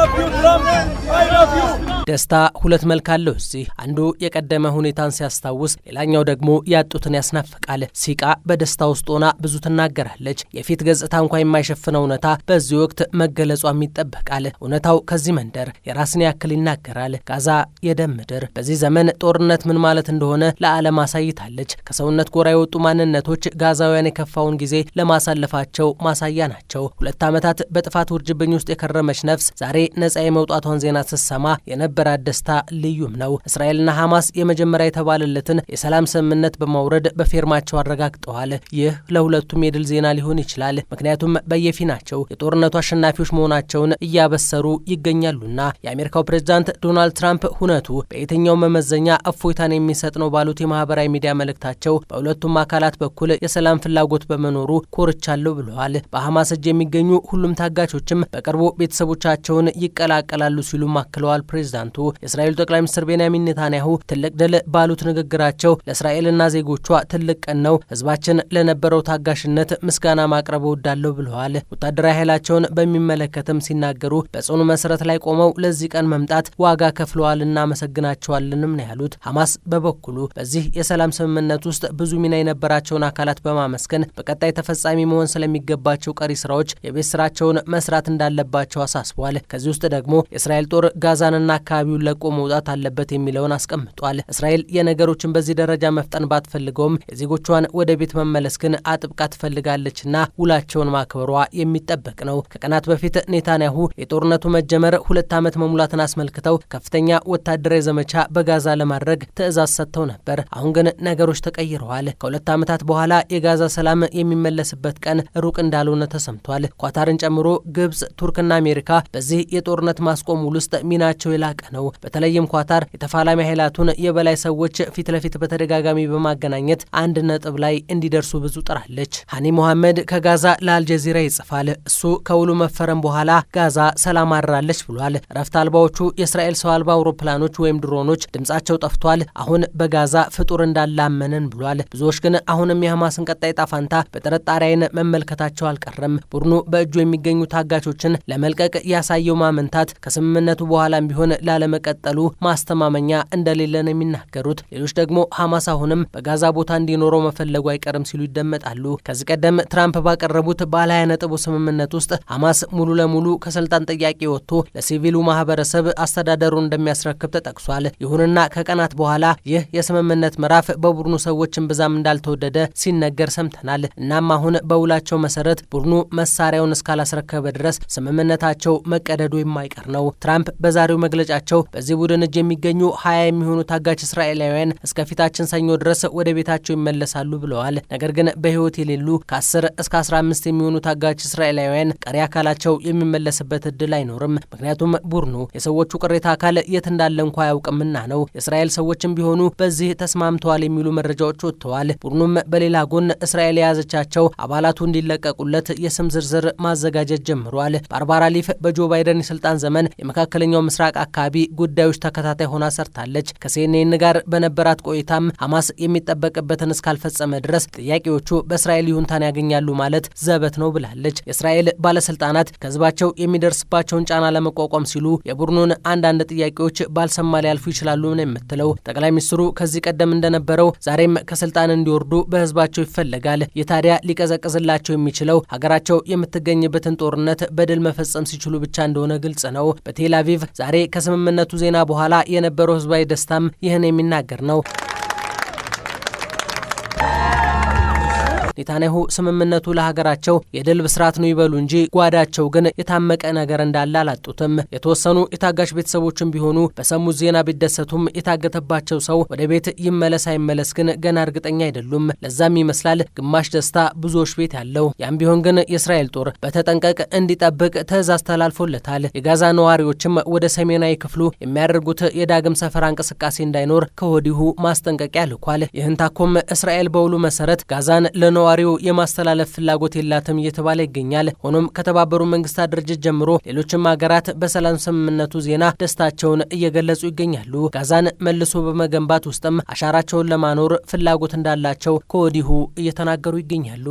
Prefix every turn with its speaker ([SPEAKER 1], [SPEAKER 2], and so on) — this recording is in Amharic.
[SPEAKER 1] enough ደስታ ሁለት መልክ አለው። እዚህ አንዱ የቀደመ ሁኔታን ሲያስታውስ፣ ሌላኛው ደግሞ ያጡትን ያስናፍቃል። ሲቃ በደስታ ውስጥ ሆና ብዙ ትናገራለች። የፊት ገጽታ እንኳ የማይሸፍነው እውነታ በዚህ ወቅት መገለጿም ይጠበቃል። እውነታው ከዚህ መንደር የራስን ያክል ይናገራል። ጋዛ የደም ምድር በዚህ ዘመን ጦርነት ምን ማለት እንደሆነ ለዓለም አሳይታለች። ከሰውነት ጎራ የወጡ ማንነቶች ጋዛውያን የከፋውን ጊዜ ለማሳለፋቸው ማሳያ ናቸው። ሁለት ዓመታት በጥፋት ውርጅብኝ ውስጥ የከረመች ነፍስ ዛሬ ነጻ የመውጣቷን ዜና ስትሰማ የነበራት ደስታ ልዩም ነው። እስራኤልና ሐማስ የመጀመሪያ የተባለለትን የሰላም ስምምነት በማውረድ በፌርማቸው አረጋግጠዋል። ይህ ለሁለቱም የድል ዜና ሊሆን ይችላል። ምክንያቱም በየፊናቸው የጦርነቱ አሸናፊዎች መሆናቸውን እያበሰሩ ይገኛሉና። የአሜሪካው ፕሬዚዳንት ዶናልድ ትራምፕ ሁነቱ በየትኛው መመዘኛ እፎይታን የሚሰጥ ነው ባሉት የማህበራዊ ሚዲያ መልእክታቸው በሁለቱም አካላት በኩል የሰላም ፍላጎት በመኖሩ ኮርቻለሁ ብለዋል። በሐማስ እጅ የሚገኙ ሁሉም ታጋቾችም በቅርቡ ቤተሰቦቻቸውን ይቀ ይቀላቀላሉ ሲሉም አክለዋል። ፕሬዚዳንቱ የእስራኤሉ ጠቅላይ ሚኒስትር ቤንያሚን ኔታንያሁ ትልቅ ድል ባሉት ንግግራቸው ለእስራኤልና ዜጎቿ ትልቅ ቀን ነው፣ ህዝባችን ለነበረው ታጋሽነት ምስጋና ማቅረብ እወዳለሁ ብለዋል። ወታደራዊ ኃይላቸውን በሚመለከትም ሲናገሩ በጽኑ መሰረት ላይ ቆመው ለዚህ ቀን መምጣት ዋጋ ከፍለዋል፣ እናመሰግናቸዋለንም ነው ያሉት። ሐማስ በበኩሉ በዚህ የሰላም ስምምነት ውስጥ ብዙ ሚና የነበራቸውን አካላት በማመስገን በቀጣይ ተፈጻሚ መሆን ስለሚገባቸው ቀሪ ስራዎች የቤት ስራቸውን መስራት እንዳለባቸው አሳስቧል። ከዚህ ውስጥ ውስጥ ደግሞ የእስራኤል ጦር ጋዛንና አካባቢውን ለቆ መውጣት አለበት የሚለውን አስቀምጧል። እስራኤል የነገሮችን በዚህ ደረጃ መፍጠን ባትፈልገውም የዜጎቿን ወደ ቤት መመለስ ግን አጥብቃ ትፈልጋለችና ውላቸውን ማክበሯ የሚጠበቅ ነው። ከቀናት በፊት ኔታንያሁ የጦርነቱ መጀመር ሁለት ዓመት መሙላትን አስመልክተው ከፍተኛ ወታደራዊ ዘመቻ በጋዛ ለማድረግ ትዕዛዝ ሰጥተው ነበር። አሁን ግን ነገሮች ተቀይረዋል። ከሁለት ዓመታት በኋላ የጋዛ ሰላም የሚመለስበት ቀን ሩቅ እንዳልሆነ ተሰምቷል። ኳታርን ጨምሮ ግብጽ፣ ቱርክና አሜሪካ በዚህ ጦርነት ማስቆም ውል ውስጥ ሚናቸው የላቀ ነው። በተለይም ኳታር የተፋላሚ ኃይላቱን የበላይ ሰዎች ፊት ለፊት በተደጋጋሚ በማገናኘት አንድ ነጥብ ላይ እንዲደርሱ ብዙ ጥራለች። ሀኒ ሞሐመድ ከጋዛ ለአልጀዚራ ይጽፋል። እሱ ከውሉ መፈረም በኋላ ጋዛ ሰላም አድራለች ብሏል። ረፍት አልባዎቹ የእስራኤል ሰው አልባ አውሮፕላኖች ወይም ድሮኖች ድምጻቸው ጠፍቷል። አሁን በጋዛ ፍጡር እንዳላመንን ብሏል። ብዙዎች ግን አሁንም የሐማስን ቀጣይ ጣፋንታ ፈንታ በጥርጣሬ መመልከታቸው አልቀረም። ቡድኑ በእጁ የሚገኙ ታጋቾችን ለመልቀቅ ያሳየው ማመ ሳምንታት ከስምምነቱ በኋላም ቢሆን ላለመቀጠሉ ማስተማመኛ እንደሌለ ነው የሚናገሩት። ሌሎች ደግሞ ሐማስ አሁንም በጋዛ ቦታ እንዲኖረው መፈለጉ አይቀርም ሲሉ ይደመጣሉ። ከዚህ ቀደም ትራምፕ ባቀረቡት ባለ ሀያ ነጥቡ ስምምነት ውስጥ ሐማስ ሙሉ ለሙሉ ከስልጣን ጥያቄ ወጥቶ ለሲቪሉ ማህበረሰብ አስተዳደሩን እንደሚያስረክብ ተጠቅሷል። ይሁንና ከቀናት በኋላ ይህ የስምምነት ምዕራፍ በቡድኑ ሰዎችን ብዛም እንዳልተወደደ ሲነገር ሰምተናል። እናም አሁን በውላቸው መሰረት ቡድኑ መሳሪያውን እስካላስረከበ ድረስ ስምምነታቸው መቀደዱ የማይቀር ነው። ትራምፕ በዛሬው መግለጫቸው በዚህ ቡድን እጅ የሚገኙ ሀያ የሚሆኑ ታጋች እስራኤላውያን እስከፊታችን ሰኞ ድረስ ወደ ቤታቸው ይመለሳሉ ብለዋል። ነገር ግን በህይወት የሌሉ ከ10 እስከ 15 የሚሆኑ ታጋች እስራኤላውያን ቀሪ አካላቸው የሚመለስበት እድል አይኖርም። ምክንያቱም ቡድኑ የሰዎቹ ቅሬታ አካል የት እንዳለ እንኳ አያውቅምና ነው። የእስራኤል ሰዎችም ቢሆኑ በዚህ ተስማምተዋል የሚሉ መረጃዎች ወጥተዋል። ቡድኑም በሌላ ጎን እስራኤል የያዘቻቸው አባላቱ እንዲለቀቁለት የስም ዝርዝር ማዘጋጀት ጀምሯል። ባርባራ ሊፍ በጆ ባይደን ስልጣን ዘመን የመካከለኛው ምስራቅ አካባቢ ጉዳዮች ተከታታይ ሆና ሰርታለች። ከሲኤንኤን ጋር በነበራት ቆይታም ሐማስ የሚጠበቅበትን እስካልፈጸመ ድረስ ጥያቄዎቹ በእስራኤል ይሁንታን ያገኛሉ ማለት ዘበት ነው ብላለች። የእስራኤል ባለስልጣናት ከህዝባቸው የሚደርስባቸውን ጫና ለመቋቋም ሲሉ የቡድኑን አንዳንድ ጥያቄዎች ባልሰማ ሊያልፉ ይችላሉ ነው የምትለው። ጠቅላይ ሚኒስትሩ ከዚህ ቀደም እንደነበረው ዛሬም ከስልጣን እንዲወርዱ በህዝባቸው ይፈለጋል። የታዲያ ሊቀዘቅዝላቸው የሚችለው ሀገራቸው የምትገኝበትን ጦርነት በድል መፈጸም ሲችሉ ብቻ እንደሆነ ግልጽ ነው። በቴል አቪቭ ዛሬ ከስምምነቱ ዜና በኋላ የነበረው ህዝባዊ ደስታም ይህን የሚናገር ነው። ኔታንያሁ ስምምነቱ ለሀገራቸው የድል ብስራት ነው ይበሉ እንጂ ጓዳቸው ግን የታመቀ ነገር እንዳለ አላጡትም። የተወሰኑ የታጋሽ ቤተሰቦችም ቢሆኑ በሰሙት ዜና ቢደሰቱም የታገተባቸው ሰው ወደ ቤት ይመለስ አይመለስ ግን ገና እርግጠኛ አይደሉም። ለዛም ይመስላል ግማሽ ደስታ ብዙዎች ቤት ያለው። ያም ቢሆን ግን የእስራኤል ጦር በተጠንቀቅ እንዲጠብቅ ትዕዛዝ ተላልፎለታል። የጋዛ ነዋሪዎችም ወደ ሰሜናዊ ክፍሉ የሚያደርጉት የዳግም ሰፈራ እንቅስቃሴ እንዳይኖር ከወዲሁ ማስጠንቀቂያ ልኳል። ይህን ታኮም እስራኤል በውሉ መሰረት ጋዛን ለነዋ ለነዋሪው የማስተላለፍ ፍላጎት የላትም እየተባለ ይገኛል። ሆኖም ከተባበሩ መንግስታት ድርጅት ጀምሮ ሌሎችም ሀገራት በሰላም ስምምነቱ ዜና ደስታቸውን እየገለጹ ይገኛሉ። ጋዛን መልሶ በመገንባት ውስጥም አሻራቸውን ለማኖር ፍላጎት እንዳላቸው ከወዲሁ እየተናገሩ ይገኛሉ።